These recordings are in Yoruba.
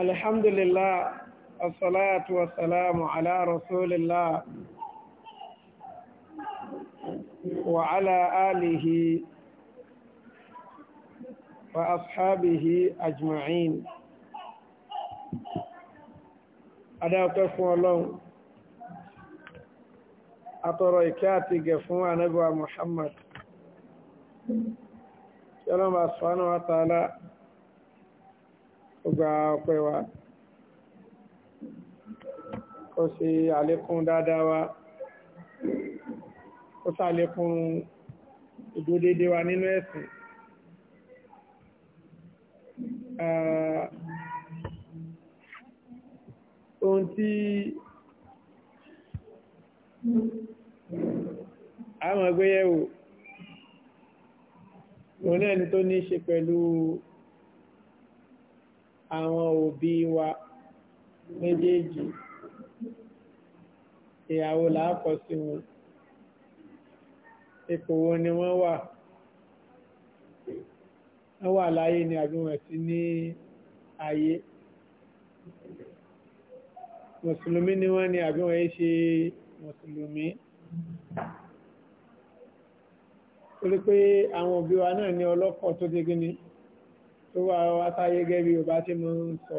الحمد لله الصلاة والسلام على رسول الله وعلى آله وأصحابه أجمعين أنا أدعوك فولون أطريكاتي قفوا نبوى محمد سلام ورحمة الله ó gba ọpẹ́ wa ó ṣe àlékún dáadáa wa ó ṣàlékún ìdúródédé wa nínú ẹ̀sìn ohun tí a mọ̀ gbéyẹ̀wò òun náà ni tó ní ṣe pẹ̀lú àwọn òbí wa méjèèjì ìyàwó làákọ̀ sí wọn ipò wo ni wọ́n wà wọ́n wà láyé ni àbí wọ́n sí ní ayé mùsùlùmí ni wọ́n ni àbí wọ́n yé ṣe mùsùlùmí torí pé àwọn òbí wa náà ní ọlọ́kọ̀ tó dé gíní tó wà wá sáyé gẹ́gẹ́ bí Yorùbá ti máa ń sọ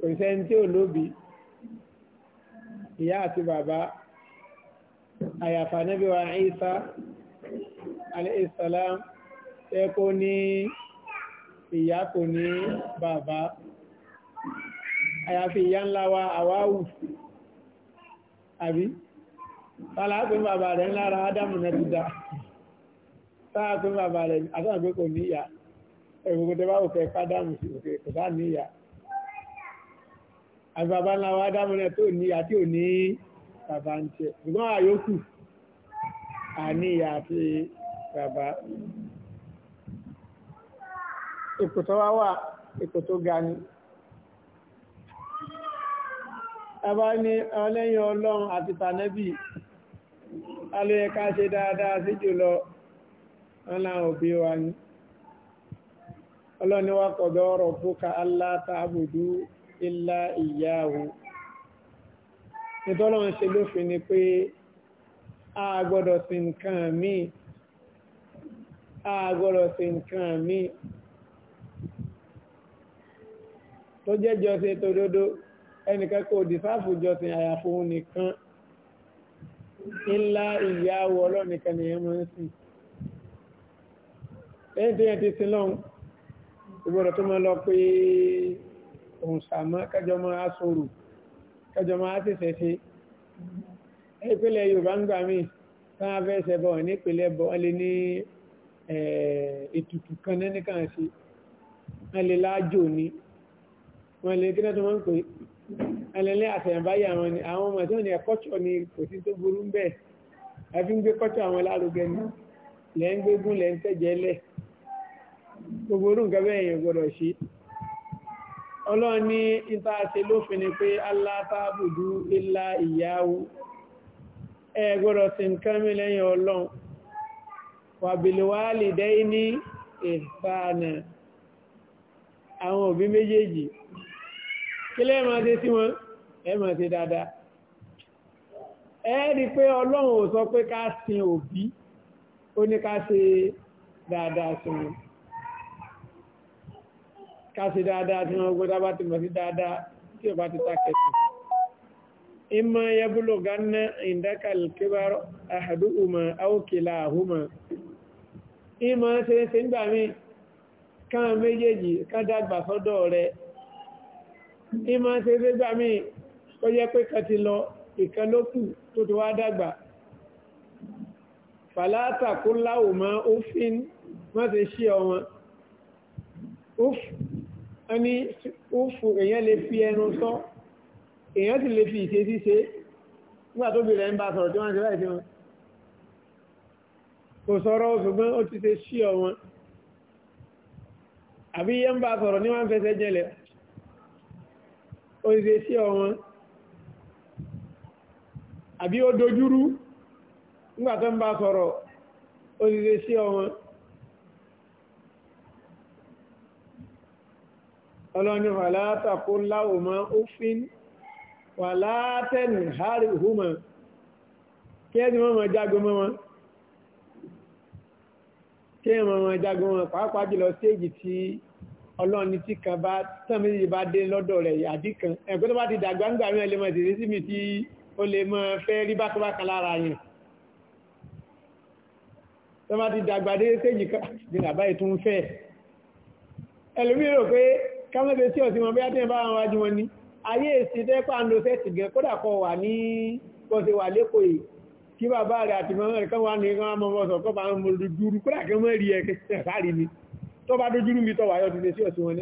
kò sẹ́ni tí ò lóbi ìyá àti bàbá àyàfà níbi wa Isa alayhisalam ẹ kó ní ìyá kò ní bàbá àyàfi ìyá ńlá wa àwáwù àbí tààlà pé bàbá rẹ̀ ńlára Ádámù náà ti dá táà tó bàbá rẹ̀ àtàwọn pé kò níyà ẹ̀gbogbo tẹ bá wò kẹ pádàmù sí òkè kò bá níyà àbàbá ńlá wa dámú rẹ̀ tó níyà tí ò ní bàbá ń tẹ ṣùgbọ́n àyókù àníyà àti bàbá ipò tó wá wà ipò tó ga ni ẹbá ní ọlẹ́yìn ọlọ́run àti tànẹ́bì alóyẹ ká ṣe dáadáa sí jùlọ wọn láwọn òbí wa ni ọlọ́ni wa kọ̀dọ̀ ọ̀rọ̀ fúka aláta àbùdú ilá ìyáwó nítorí wọn ṣe lófin ni pé a gbọ́dọ̀ sí nǹkan míì a gbọ́dọ̀ sí nǹkan míì tó jẹ́ jọ́sìn tòdodo ẹnìkan kò dìsáàfù jọ́sìn àyàfóhun nìkan ńlá ìyáwó ọlọ́nìkan nìyẹn máa ń sìn lẹ́yìn tó yẹn ti sin lọ́hùn ìgbọ́dọ̀ tó máa lọ pé òun sàmọ́ kájọ máa sọ̀rọ̀ kájọ máa tẹ̀sẹ̀ ṣe ìpínlẹ̀ Yorùbá ń gbà mí táwọn afẹ́sẹ̀ bọ̀ nípínlẹ̀ bọ̀ wọ́n lè ní ètùtù kan nẹ́ni kan ṣe wọ́n lè láàjò ní wọ́n lè kí náà tó máa gbogbo orú nǹkan bẹ́ẹ̀ yẹn gbọ́dọ̀ ṣe ọlọ́run ní ìta ṣe lófin ni pé aláàtàbùdú ilá ìyáwó ẹ gbọ́dọ̀ sí nǹkan mi lẹ́yìn ọlọ́run wàbìlìwálì dẹ́yìn ní ìfàànà àwọn òbí méjèèjì kí lẹ́ máa ṣe sí wọn ẹ máa ṣe dáadáa ẹ rí pé ọlọ́run ò sọ pé ká sin òbí ó ní ká ṣe dáadáa sí wọn káṣe dáadáa tí wọ́n gbọ́dá bá ti mọ̀ sí dáadáa tí ó bá ti tákẹ̀tì. imma yablughanna indaka al-kibar ahaduhuma aw kilahuma ìmọ̀ ṣe ń ṣe nígbà mí káà méjèèjì ká dàgbà sọ́dọ̀ rẹ̀ ìmọ̀ ṣe ṣe nígbà mí ó yẹ pé kan ti lọ ìkan ló kù tó ti wá dàgbà fàlátà kó láwò òfin má ṣe ṣí ọ wọ́n ní ó fò èèyàn lè fi ẹnu sọ èèyàn sì lè fi ìṣe ṣíṣe nígbà tó bèèrè ń bá sọ̀rọ̀ tí wọ́n ti láìsí wọn kò sọ̀rọ̀ ṣùgbọ́n ó ti ṣe ṣí ọ wọn àbí yẹn ń bá sọ̀rọ̀ ní wọ́n fẹsẹ̀ jẹlẹ̀ ó ti ṣe ṣí ọ àbí ó dojúrú nígbà ń bá sọ̀rọ̀ ó ti ṣe ṣí ọ ọlọ́ni fàlátà kó láwòmá ófin fàlátẹ̀nì harry huma kí ẹni wọ́n mọ̀ jágo mọ́ wọn kí ẹni wọ́n mọ̀ jágo wọn pàápàá jùlọ stéèjì tí ọlọ́ni tí kan bá tẹ́mìlì bá dé lọ́dọ̀ rẹ̀ àbí kan ẹ̀kọ́ tó bá ti dàgbà ń gbà mí ẹlẹ́mọ̀ ìdílé sí mi tí ó lè mọ́ fẹ́ pé kámẹ́sẹ̀ tí ọ̀sí wọn bí átẹ́ bá wọn wájú wọn ní ayé èsì tẹ́pà ń lo sẹ́ẹ̀tì gẹ̀ kódà kọ wà ní bọ́sẹ̀ wà lẹ́kọ̀ọ́ yìí kí bàbá rẹ̀ àti mọ́mọ́ rẹ̀ kán wà ní kán mọ́ bọ́sọ̀ kọ́ ni tó bá dojúrú mi tọ́wà yọtí sí ọ̀sí wọn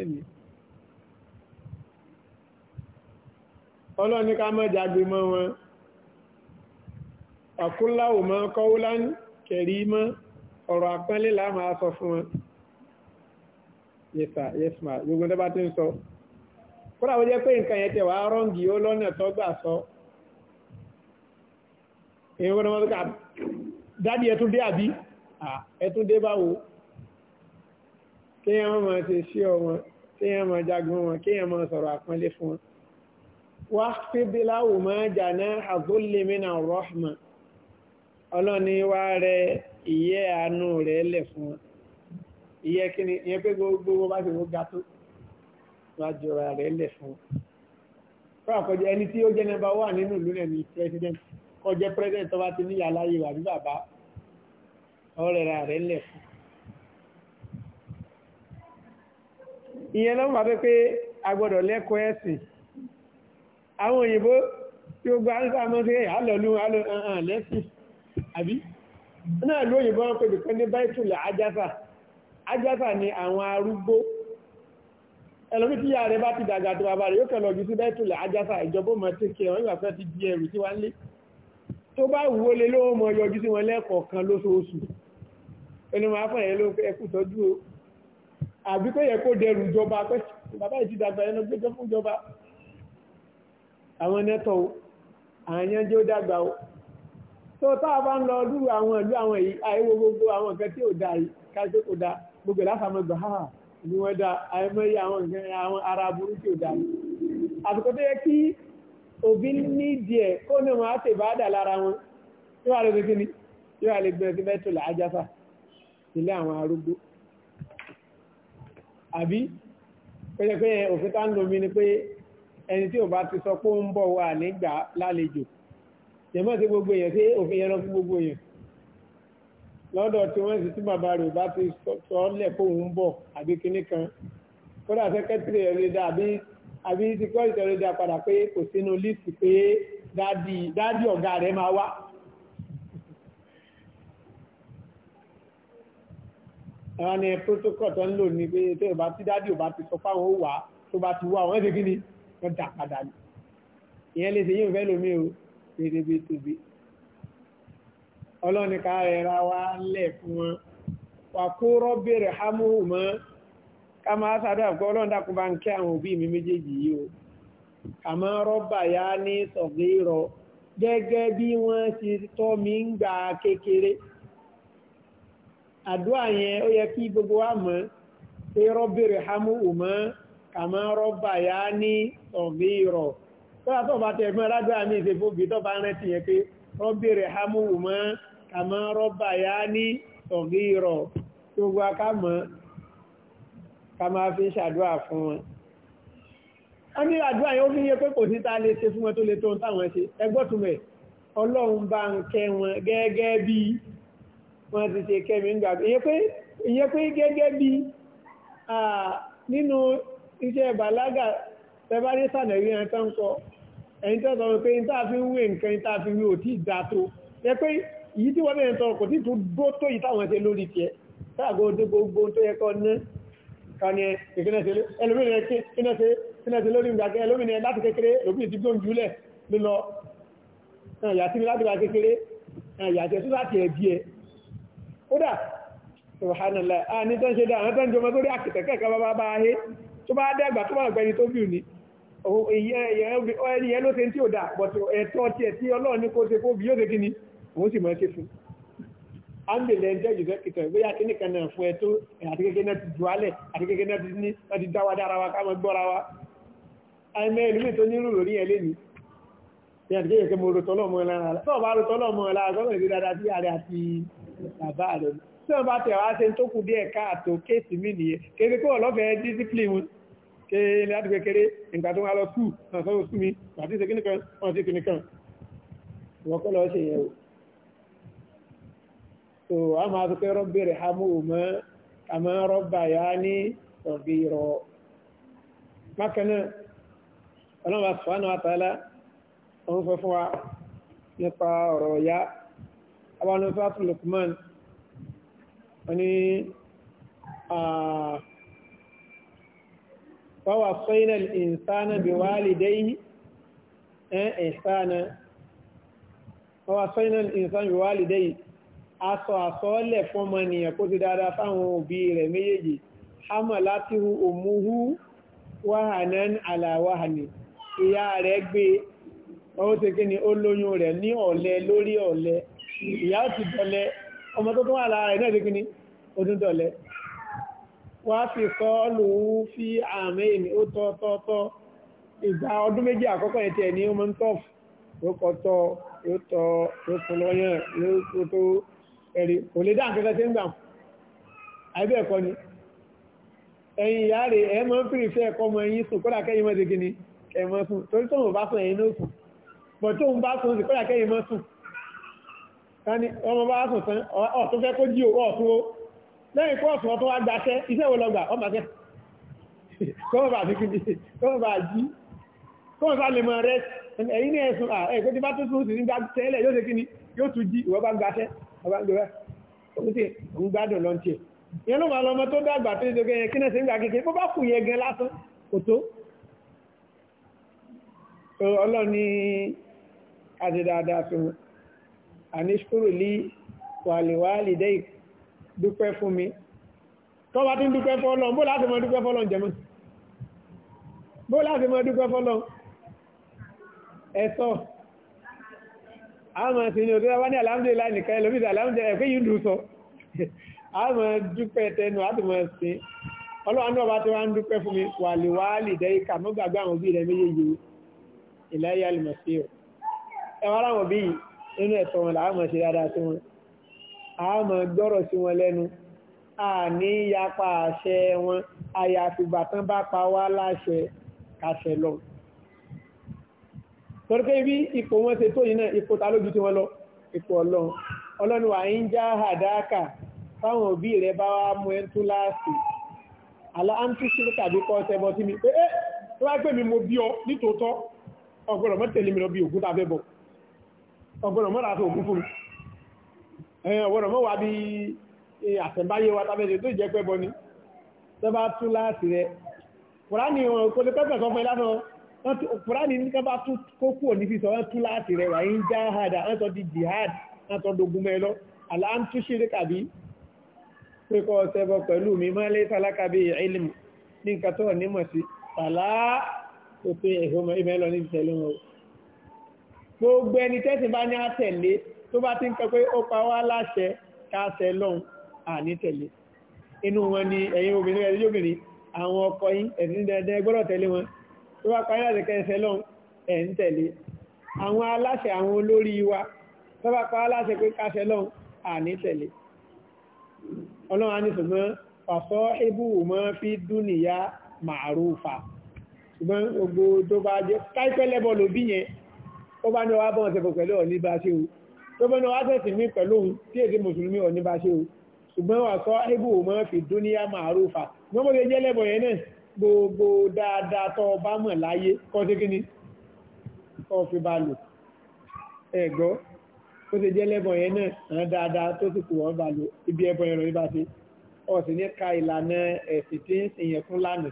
lẹ́nu ọ̀rọ̀ àpẹ́lẹ́ máa sọ fún wọn yes sir yes ma gbogbo tó bá ti ń sọ kódà ó jẹ́ pé nǹkan yẹn tẹ̀ wá rọ́ǹgì ó lọ́nà tó gbà sọ èyí wọ́n mọ́ ká dádì ẹtún dé àbí ah, ẹtún dé báwo kéèyàn mọ́ ti ṣí ọmọ kéèyàn mọ́ jagun wọn kéèyàn mọ́ sọ̀rọ̀ àpọ́nlé fún wọn wá fíbi láwù mọ́ jàná àgbólémínà rọ́hmà ọlọ́ni wá rẹ ìyẹ́ àánú rẹ̀ lẹ̀ fún wọn ìyẹn kíni ìyẹn pé gbogbo wọn bá ṣe wọ́n ga tó wọ́n á jọra rẹ̀ lẹ̀ fún un. fún àkọjá ẹni tí ó jẹ́ nọ́mbà wà nínú ìlú rẹ̀ ní president kó jẹ́ president tó bá ti níyà láyé wà ní bàbá ọ̀rẹ́ ra rẹ̀ lẹ̀ fún un. ìyẹn ló ń bá pé a gbọ́dọ̀ lẹ́kọ̀ọ́ ẹ̀sìn àwọn òyìnbó tí ó gba ánsá mọ́ sí ẹ̀yà lọ́lú lẹ́sìn àbí náà lóyìnbó wọn pè ajáfà ni àwọn arúgbó ẹlòmí tí yà rẹ̀ bá ti dàgbà tó bàbá rẹ̀ yóò kẹlọ̀ jù sí bẹ́ẹ̀tùlẹ̀ ajáfà ìjọba ọmọ tí kí wọ́n ìgbàfẹ́ ti di ẹrù tí wá ń lé tó bá wúwo lé lówó mọ yọjú sí wọn lẹ́ẹ̀kọ̀ọ̀kan lóṣooṣù ẹnumọ afọ̀yẹ ló ẹkù tọ́jú o àbí kó yẹ kó kò dáa gbogbo látàmọ́ gbà á ah, ní wọ́n dá àìmọ́yí àwọn nǹkan àwọn ara burú tí ó dá àsìkò tó yẹ kí òbí ní díẹ̀ kó ní wọn á tè bá dà lára wọn yóò wà lóde kíni yóò wà lè gbé ẹgbẹ́ tó là ájáfà ilé àwọn arúgbó àbí pẹ́ẹ́pẹ́ òfin tá ń lomi ni pé ẹni tí ò bá ti sọ pé ó ń bọ̀ wà nígbà lálejò jẹ́mọ́ sí gbogbo èèyàn sí òfin yẹn lọ fún gbogbo èèyàn lọ́dọ̀ tí wọ́n sì tí bàbá rẹ̀ bá ti sọ ọ́lẹ̀ fóun bọ̀ àbí kinní kan kódà sẹ́kẹ́tìrì rẹ̀ lè dá àbí ti kọ́ ìtọ́rẹ̀ dá padà pé kò sínú líìsì pé dádì ọ̀gá rẹ̀ máa wá. àwọn ni protocol tó ń lò ní pé tó bá tí dádì ò bá ti sọ fáwọn ó wà tó bá ti wá àwọn ẹ̀sìn kí ni wọ́n dà padà ní. ìyẹn lè ṣe yíò fẹ́ lómi o èrè bíi tòbi. ọlọ́ni ká rẹ̀ra wa lẹ̀ fún wọn wà kó rọ́bẹ̀rẹ̀ hámúhù mọ́ ká máa sáré àpò ọlọ́run dákun bá ń kí àwọn òbí mi méjèèjì yìí o àmọ́ rọ́bà yá ní sọ̀gírọ̀ gẹ́gẹ́ bí wọ́n ti tọ́ mi ń kékeré àdúrà yẹn ó yẹ kí gbogbo wa pé rọ́bẹ̀rẹ̀ mọ́ ká máa rọ́bà yá ní sọ̀gírọ̀ tó bá tẹ̀ fún ìṣèfóbi tó bá rántí kàmá rọ́bà yá ní ọ̀gí ìrọ̀ tó gba kámọ́ ká máa fi ń ṣàdúrà fún wọn a ní àdúrà yóò fi yẹ pé kò síta lè ṣe fún wọn tó lè tó ń táwọn ṣe ẹgbọ́túnmẹ̀ ọlọ́run bá ń kẹ́ wọn gẹ́gẹ́ bí wọ́n ti ṣe kẹ́mi ń gbà ìyẹ́ pé gẹ́gẹ́ bí nínú iṣẹ́ ìbàlágà tẹ́bárí sànẹ̀rí ẹ̀ńtọ́ ń kọ ẹ̀ńtọ́ sọ pé ní tá a fi ń wé nǹkan ní tá a fi wé òtí ìdá tó yẹ pé yìí tí wọ́n bẹ̀rẹ̀ tọrọ kò tí tó dó tó yìí táwọn ẹ̀ṣẹ́ lórí tí ẹ káàgó ọdún gbogbo tó yẹ kọ́ ní kàní ẹ̀kẹ́nẹ́sẹ̀ lórí ìgbàgbẹ́ ẹlómìnà láti kékeré òbí ti gbóhùn jùlẹ̀ lílọ yàtí mi láti bá kékeré yàtí ẹ̀sùn láti ẹ̀bí ẹ̀ kódà subhanallah a ní tán ṣe dá àwọn tán jọmọ tó rí àkìtẹ̀kẹ́ kan bá bá ahé tó bá dẹ́gbà tó máa gbẹni tó bí ní ẹni yẹn ló ṣe tí ò dà bọ̀tọ̀ ẹ̀tọ́ tiẹ̀ tí ọlọ́run ní kó ṣe kó bí yóò ṣe kí ni wọ́n sì máa ké fún ámbìlẹ̀ ẹjọ́ ìjọ kìtọ̀ ìwé yá kíní kan náà fún ẹ tó àti kékeré náà ti ju alẹ̀ àti kékeré náà ti ní láti dá wa dára wa ká mọ gbọ́ra wa ẹmẹ ìlúmi tó nírú lórí ẹ lẹ́nu ní àti kékeré mo rotọ́ lọ́mọ ẹ lára rẹ̀ sọ́ọ̀ bá rotọ́ lọ́mọ ẹ lára gọ́ọ̀mọ̀ ìdídára sí ààrẹ àti bàbá rẹ̀ tí wọ́n bá tẹ̀ wá ṣe tó kù díẹ̀ káàtó kéèsì mí nìyẹn kéèké kó ọlọ́fẹ̀ẹ́ discipline wọn kéèké láti kékeré nǹkan tó wá lọ sùn náà sọ́wọ́ sùn mi so a máa sọ pé rọ́bì rẹ̀ hamú mọ́ àmọ́ rọ́bà yá ní ọ̀bí rọ bákan náà ọlọ́run àfọwọ́nà àtàlá wọ́n fẹ́ fún wa nípa ọ̀rọ̀ ọ̀yá àwọn ọ̀sọ́tún Lukman wọ́n ni fọwọ́ ìsáná bí wà lè dẹ́yìn ẹ̀ẹ́sáná fọwọ́ sọ́yìn ìsáná bí wà lè dẹ́yìn asọ àsọọ́lẹ̀ fọ́mọnìyàn kó ti dáadáa fáwọn òbí rẹ̀ méjèèjì hámà láti hu òmúhú wáhànán àlàwáhàní ìyá rẹ̀ gbé ọwọ́ ti kí ni ó lóyún rẹ̀ ní ọ̀lẹ lórí ọ̀lẹ ìyá ti dọ̀lẹ ọmọ tó tún wà lára rẹ̀ náà ti kí ni ó tún dọ̀lẹ wá fi sọ lòun fi àmì ìní ó tọ́ tọ́ tọ́ ìgbà ọdún méjì àkọ́kọ́ yẹn tiẹ̀ ní ó ń tọ́fù ó kọ́ tọ́ ó tọ́ ó fún lọ́yàn ó tó ẹ̀rí kò lè dáa kẹta tí ń gbà àìbẹ́ ẹ̀kọ́ ni ẹ̀yìn ìyá rẹ̀ ẹ̀ mọ́ fìrì fẹ́ ẹ̀kọ́ mọ ẹ̀yìn sùn kọ́dà kẹ́yìn mọ́ dégé ni ẹ̀mọ́ sùn torí tó ń bá sùn ẹ̀yìn náà sùn bọ̀ tó ń bá sùn sí kọ́dà kẹ́yìn mọ́ sùn tani ọmọ bá sùn tán ọ̀tún fẹ́ kó jí òwò ọ̀tún ó lẹ́yìn kó ọ̀tún ọ̀tún wá gbaṣẹ́ iṣẹ́ wo lọ gbà ọmọ akẹ́ kọ́mọ̀ bá fi kìí kọ́mọ̀ bá jí kọ́mọ̀ bá lè mọ̀ rẹ ẹ̀yìn náà ẹ̀sùn ẹ̀kọ́ ti bá tó sùn sí ní gbà tẹ́lẹ̀ yóò ṣe kí ni yóò tún jí ìwọ bá gbaṣẹ́ ọba ń gbẹ̀rẹ̀ omi tí ń gbádùn lọ́n tiẹ̀ ìyẹn ló máa lọ ọmọ tó dàgbà tó dédé yẹn kí náà sì ń gbà kékeré bó bá kù yẹn gan lásán kò tó ọlọ́ni àti dáadáa fún mi àníṣkúrò lí wàlíwàlì dẹ́ dúpẹ́ fún mi tó bá ti ń dúpẹ́ fọ́lọ́ bó láti mọ dúpẹ́ fọ́lọ́ jẹ́mọ́ bó láti mọ dúpẹ́ fọ́lọ́ ẹ̀sọ́ àmà sí ní òtútà wá ní àlámdélà nìkan ẹlòmídà àlámdélà ẹ̀fẹ́ yìí dùn sọ àmà dúpẹ́ tẹnu àtùmọ̀ sí ọlọ́run náà bá tó wá ń dúpẹ́ fún mi wà lè wá lè dẹ́ ìkà mọ́ gbàgbé àwọn òbí rẹ̀ méjèèjì ìláyà àlùmọ̀sí ọ̀ ẹwà láwọn òbí nínú ẹ̀tọ́ wọn làwọn ṣe dáadáa sí wọn àmà gbọ́rọ̀ sí wọn lẹ́nu àní yapa àṣẹ wọn àyàfìgbà tán bá pa wá láṣẹ kàṣẹ lọ́wọ́ torí pé bí ipò wọn ṣe tó yìí náà ipò ta lójú tí wọ́n lọ ipò ọlọ́run ọlọ́run wà ń já àdáàkà táwọn òbí rẹ̀ bá wá mú ẹ tún láàsì àlá àǹtíṣe tàbí kọ́ ṣẹbọ sí mi pé ẹ́ tó bá pè mí mo bí ọ nítòótọ́ ọgbọ́dọ̀ mọ́ tẹ̀lé mi lọ bí ògún tàbẹ́ bọ̀ ọgbọ́dọ̀ mọ́ ràṣọ ògún fún mi ọgbọ́dọ̀ mọ́ wà bí àtẹ̀báyé wa tàbẹ́ tó jẹ́ pẹ́ bọ wọ́n tó kùránì ní ká bá tún kókù ò ní fi sọ wọ́n tún láti rẹ̀ wà ń já wọ́n sọ di jihad wọ́n sọ dogun mẹ́ lọ aláǹtúṣe rẹ̀ kàbí pé kọ́ ṣẹbọ pẹ̀lú mi máa lé sálákàbí ilm ní nǹkan tó nímọ̀ sí tàlá tó pé ẹ̀họ́mọ ìmẹ́ lọ ní ìtẹ̀lé wọn. gbogbo ẹni tẹ́sí bá ní àtẹ̀lé tó bá ti ń kọ pé ó pa wá láṣẹ káṣẹ lọ́hùn ànítẹ̀lé inú wọn ni ẹ̀yin obìnrin ẹ̀yin obìnrin àwọn ọkọ yín ẹ̀sìn dandan gbọ́dọ̀ tẹ̀lé wọn tó bá parí láti kẹsẹ̀ lọ́n ẹ̀ ń tẹ̀lé àwọn aláṣẹ àwọn olórí wa tó bá parí láti pé káṣẹ lọ́n àní tẹ̀lé ọlọ́run á ní ṣùgbọ́n pàṣọ ibù mọ́ fi dúnìyà màrúfà ṣùgbọ́n gbogbo tó bá jẹ́ káìpẹ́ lẹ́bọ̀ ló bí yẹn ó bá ní ọwá bọ́ ọ̀sẹ̀ pọ̀ pẹ̀lú ọ̀ní bá ṣe o tó bá ní ọwá tẹ̀sìn mí pẹ̀lú òun tí èdè mùsùlùmí ọ̀ní bá ṣe o gbogbo dáadáa tó bá mọ̀ láyé kọ́ sí kíní kọ́ fi bá lò ẹ̀gbọ́ ó ti jẹ́ lẹ́bọn yẹn náà àwọn dáadáa tó ti kù wọ́n bá lò ibi ẹbọn ẹ̀rọ yìí bá ti ọ̀sìn ní ka ìlànà ẹ̀sìn tí ń sìn yẹn fún lánàá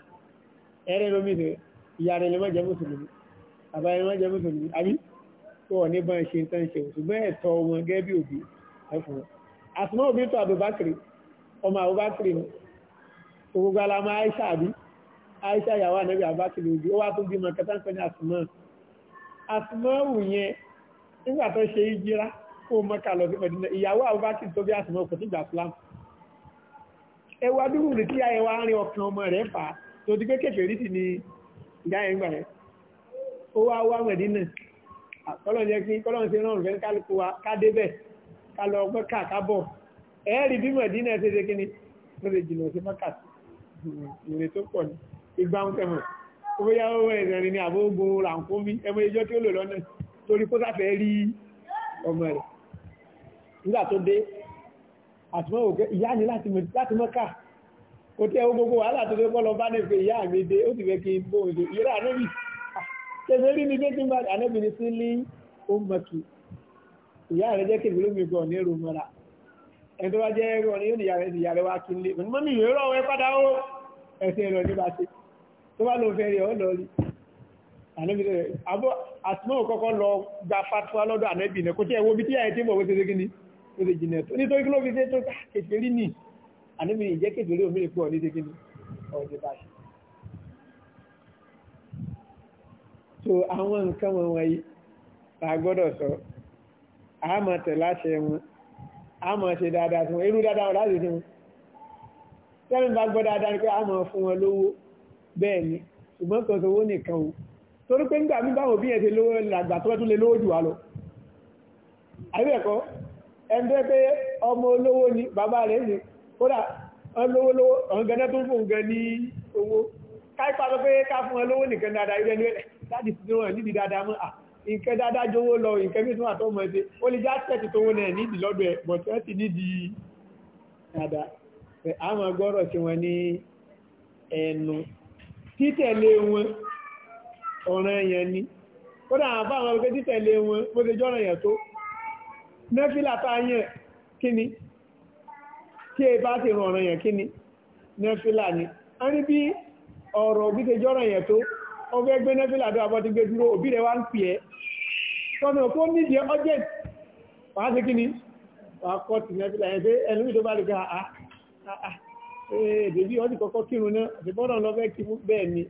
ẹ̀rẹ́ lómi rẹ̀ ìyá rẹ̀ lè má jẹ́ mùsùlùmí àbá rẹ̀ má jẹ́ mùsùlùmí àbí tó wọ̀ ní bọ́n ṣe tán ṣe ṣùgbọ́n ẹ̀tọ́ wọn gẹ́gẹ́ bí òbí ẹ̀fọn àtúmọ̀ òbí Aisha ìyàwó ànẹ́bí àbákì lójú ó wá tún bímọ kẹta ń pẹ́ ní àsùmọ́ àsùmọ́ wù yẹn nígbà tó ṣe ìjírá kó mọ́ka lọ sí Mẹdínà ìyàwó àbákì tó bí àsùmọ́ kò tíì gbà fúlám ẹwà dúró ní tí ayẹwà ń rin ọkàn ọmọ rẹ̀ fà tó ti kékèké rí sí ni ìyá yẹn gbà rẹ̀ ó wá wá Mẹdínà kọ́lọ̀ jẹ́ kí kọ́lọ̀ ṣe rán ọ̀rùn kálukú wa ká débẹ̀ ká ọgbẹ́ ká kábọ̀ ẹ̀ẹ́rì bí Mẹdínà ṣe ṣe kí ni ló lè jìnnà sí mọ́kà sí ìrètò pọ̀ ni ìgbàun tẹ̀mọ̀ owó yá ni ẹ̀rìn ní àbógbò ràǹkómi ẹmọ ẹjọ́ tí ó lò lọ́nà torí kó sáfẹ́ rí ọmọ rẹ̀ nígbà tó dé àtìmọ́ ìyá ni láti mọ́ká kò tẹ́ ó gbogbo wàhálà tó fẹ́ bọ́lọ bá ní pé ìyá mi dé ó ti fẹ́ kí n bó ìdè ìrà ànẹ́bì tẹ̀sẹ̀ rí ni dé tí ń bá ànẹ́bì ni sí ẹ̀rọ ni ó ní ìyá rẹ̀ wá kí n lé mọ́ mi ìrọ̀ ní bá ṣe tó bá lọ fẹ́rẹ̀ ọ́ lọ rí àtúnmọ̀ kọ́kọ́ lọ gba fatuwa lọ́dọ̀ ànẹ́bì nẹ kò tí ẹwọ́ bí tí àyẹ̀ tí mọ̀ wọ́n ti gíní ó ti jìnà tó nítorí kí ló fi ṣe tó ah, kèfèrí nì ànẹ́bì ìjẹ́ kèfèrí òmìnir pọ̀ ní gíní ọ̀dẹ̀ bá ṣe so àwọn nǹkan wọn wọ̀nyí ta gbọ́dọ̀ sọ a máa tẹ̀ láṣẹ wọn a máa ṣe dáadáa fún wọn irú dáadáa wọn láti fún wọn tẹ́lẹ̀ bá gbọ́ dáadáa ni pé a máa fún wọn lówó bẹ́ẹ̀ ni ṣùgbọ́n kan sọ owó nìkan o torí pé nígbà mí báwọn òbí yẹn ti lówó làgbà tó tún lè lówó jù wá lọ àbẹ́ẹ̀kọ́ ẹgbẹ́ pé ọmọ olówó ni bàbá rẹ̀ ní kódà ọlọ́wọ́lọ́wọ́ ọ̀gẹ́gẹ́ tó fún gan ní owó káípa lọ pé ká fún ọlọ́wọ́ nìkan dáadáa ilẹ̀ nílẹ̀ láti fi rán nídi dáadáa mọ́ à nǹkan dáadáa jówó lọ nǹkan bí tún àtọ́mọ̀ ẹ̀ṣẹ́ ó àwọn gbọ́rọ̀ tí wọ́n ní ẹnu títẹ̀lé wọn ọ̀ràn èèyàn ni kódà àwọn afáàmọ́ pé títẹ̀lé wọn bó ṣe jọ́ràn èèyàn tó nẹ́fílà táyàn kíni tí ẹ bá ti ràn ọ̀ràn kíni nẹ́fílà ni a ní bí ọ̀rọ̀ òbí ṣe jọ́ràn èèyàn tó ó fẹ́ gbé nẹ́fílà tó abọ́ ti gbé dúró òbí rẹ̀ wá ń pè ẹ́ tọ́nà kó nídìí ọjẹ́ wàá ṣe kíni wàá kọ́ ti nẹ́fílà yẹn pé ẹlòmíì ee bèbí ọdí kọkọ kírun náà àtìbọ́dọ̀ lọ kí bẹ́ẹ̀ ni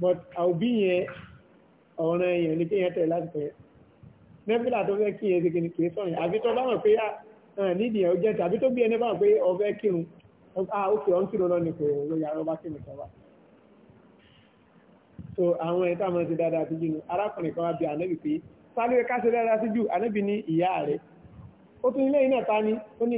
but àwòbí yẹn ọ̀ràn èèyàn ní kéèyàn tẹ̀ láti pẹ̀ nẹ́fílà tó fẹ́ kí yẹn ṣe kìnnìkì sọ̀rọ̀ àbí tó bá pé nídìí ẹ̀ tó bí ẹni bá pé kírun ah ọ̀n kírun ọba sọ́wọ́ so àwọn ti dáadáa sí arákùnrin kan wá bí pé ṣe dáadáa sí jù ní ìyá rẹ̀ ó tún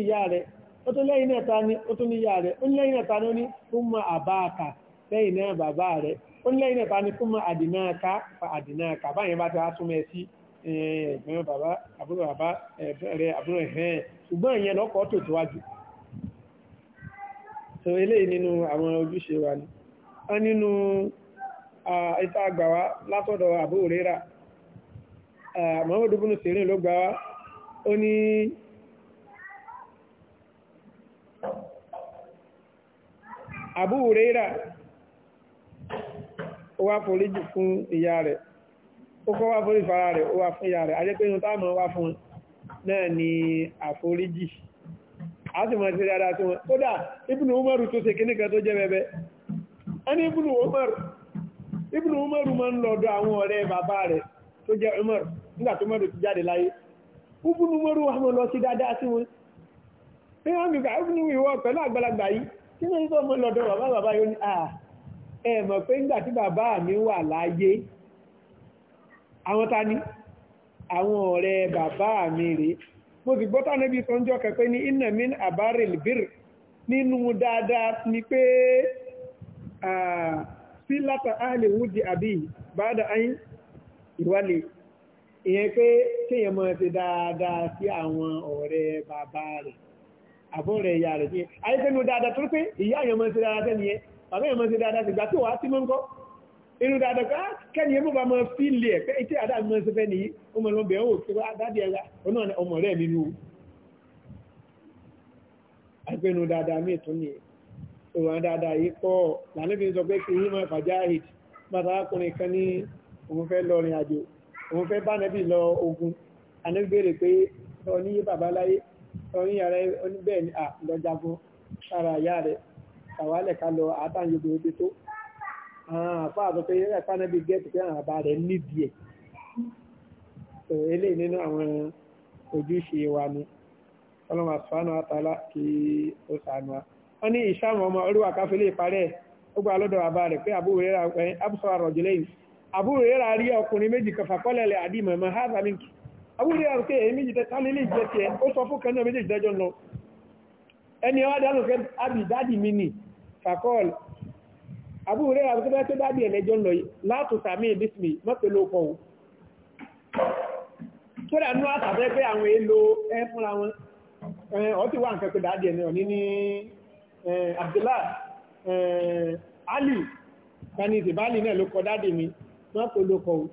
ó tó lẹ́yìn náà ni ó tó ní ìyá rẹ̀ ó lẹ́yìn náà ta ni ó ní fún mọ àbáàkà lẹ́yìn náà bàbá rẹ̀ ó lẹ́yìn náà ta ni fún mọ àdìnáàkà fa àdìnáàkà báyìí bá ti wá súnmọ́ ẹ sí ẹ̀gbọ́n bàbá àbúrò bàbá rẹ̀ àbúrò ẹ̀hẹ́n ṣùgbọ́n ìyẹn lọ́kọ̀ tó tíwájú so eléyìí Abu Huraira ó wá foríjì fún ìyá rẹ̀ ó kọ́ wá forí fara rẹ̀ ó wá fún ìyá rẹ̀ ajẹ́ pé inú táàmù wá fún náà ni àforíjì a sì máa ti dáadáa tí Umaru tó ṣe kíníkà tó jẹ́ bẹ́bẹ́ a ní na Umaru Umaru máa ń àwọn ọ̀rẹ́ bàbá rẹ̀ tó jẹ́ Umaru nígbà tó Umaru ti jáde láyé Umaru wà mọ́ lọ sí dáadáa sí wọn kí ló ń sọ ọmọ lọ́dọ̀ bàbá bàbá yóò ní à ẹ mọ̀ pé nígbà tí bàbá mi wà láyé àwọn ta ni àwọn ọ̀rẹ́ bàbá mi rèé mo sì gbọ́ tánà bí sọ́njọ́ kẹ́kẹ́ ní iná mi ní àbárè lìbírì nínú dáadáa ni pé sí látà áàlè wújì àbí bàdà ayín ìwálẹ̀ ìyẹn pé kéèyàn máa ṣe dáadáa sí àwọn ọ̀rẹ́ bàbá rẹ̀ àbúrẹ̀ ìyá rẹ̀ sí ayétẹ́nu dáadáa tó pé ìyá yẹn mọ́ sí dáadáa tẹ́ni yẹn bàbá yẹn mọ́ sí dáadáa tìgbà tí wàá tí mọ́ ń kọ́ inú dáadáa pé ah, kẹ́ni yẹn mọ́ bá mọ́ fíìlì ẹ̀ pé ìtẹ́ àdá mọ́ sí fẹ́ni yìí ó mọ̀ lọ́bẹ̀ẹ́ hit bàtà ọkùnrin kan ní òun fẹ́ lọ rìn àjò òun fẹ́ bá nẹ́bì lọ ogun ànẹ́bì orí ààrẹ oníbẹ̀ẹ́ ni àlọ́jagun sára ìyá rẹ̀ ṣàwálẹ̀ ká lọ àtàyègbè ojú tó àwọn àfá àtọ́tọ́ yẹ́ ẹ̀fánẹ́bí gẹ́ẹ̀tì pé àwọn àbá rẹ̀ níbi ẹ̀ tó elé nínú àwọn ojúṣe wa ni ọlọ́mà sùfánà àtàlá kí ó wa wọ́n ní ìṣàmù ọmọ orí wàkáfẹ́ lè parẹ́ ó gba lọ́dọ̀ àbá rẹ̀ pé àbúrò rẹ̀ rí ọkùnrin méjì àdìmọ̀ abúlé àrùké èmi jìdẹ tálílé ìjẹ tiẹ̀ ó sọ fún kẹ́nà méjì ìdẹ́jọ́ lọ ẹni ọwá dánù kẹ́ àbí dáàdì mi nì fàkọ́ọ̀l abúlé àrùké bá tó dáàdì ẹ̀lẹ́jọ́ lọ látò sàmì ìbísìmì mọ́pẹ̀lú pọ̀ o tó dà nú àtàfẹ́ pé àwọn èèlò ẹ fúnra wọn ọ ti wá nǹkan pé dáàdì ẹ̀ náà ní ní Abdullahi Ali tani ìbálì náà ló kọ dáàdì mi mọ́pẹ̀lú pọ̀ o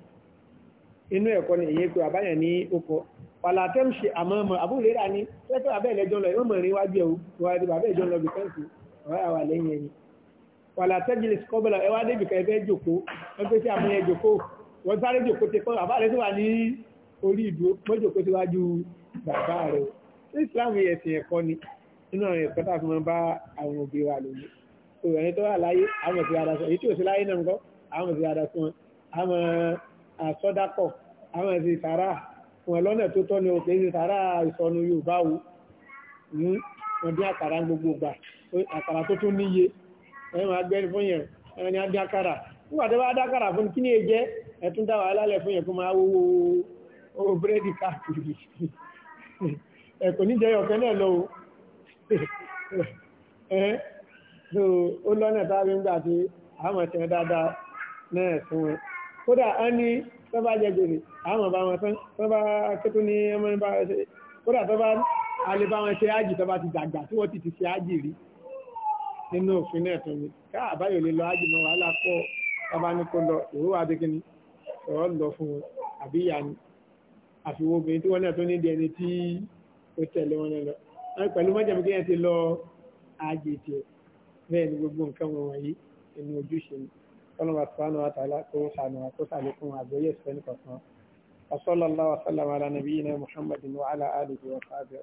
inú ẹ̀kọ́ ni èyí pé àbáyàn ní okọ̀ pàlàtẹ́m ṣe àmọ́mọ́ àbúrérà ní pẹ́pẹ́ abẹ́ ẹ̀lẹ́jọ́ lọ ìwọ́n mọ̀rin wájú ẹ̀wù wájú abẹ́ ìjọ lọ bí fẹ́ǹsì ọ̀rẹ́ àwà lẹ́yìn ẹ̀yìn pàlàtẹ́jìlì skọ́bọ̀là ẹwà débi kan ẹgbẹ́ jòkó ẹgbẹ́ tí àmọ́ yẹn jòkó wọ́n sáré jòkó ti pọ́n àbá rẹ̀ sì wà ní orí ìdúró mọ́jòkó ti wájú bàbá rẹ̀ Islam ẹ̀sìn ẹ̀kọ́ ni inú àwọn ẹ̀kọ́ tá a fi máa bá àwọn òbí wa lò ní òwò ẹni tó wà láyé àwọn òbí wa àsọdápọ̀ àwọn ẹ̀sìn ìtara wọn lọ́nà tó tọ́ ni òkè ìtara ìsọnù Yorùbá wo hmm, wọn dín àkàrà gbogbo gbà àkàrà tó tún níye ẹ máa fún yẹn ẹni á dín àkàrà ni èyí jẹ́ ẹ̀tún dá wàhálà lẹ̀ fún yẹn kó máa wówó owó búrẹ́dì káàkiri ẹ̀kọ́ níjẹ́ ọ̀kẹ́ náà lọ ẹ́ ó lọ́nà tábí ń gbà tí àmọ̀ tẹ́ dáadáa wọn kódà á ní tó bá jẹ gbèrè àwọn bá wọn tán tó bá kétó ní ọmọ nípa ṣe kódà tó bá alẹ́ bá wọn ṣe ájì tó bá ti dàgbà tí wọ́n ti ti ṣe ájì rí nínú òfin náà tó ní ká àbáyọ̀ lè lọ ájì mọ́ wàhálà pọ̀ bàbá ní kó lọ ìró wa dékin lọ fún wọn ni àfiwọ́ obìnrin tí wọ́n náà tó ní di ẹni tí ó tẹ̀lé wọn lọ pẹ̀lú mọ́jàmí kí yẹn ti lọ ájì tiẹ̀ bẹ́ẹ̀ ni gbogbo nǹkan wọ̀nyí ẹni ojúṣe ni ọlọ́wà sọ́nà àtàlà kó sànà kó sàlékún àgbẹ̀yẹ̀ sẹ́ni kọ̀ọ̀kan. الله وسلم على نبينا محمد وعلى آله وصحبه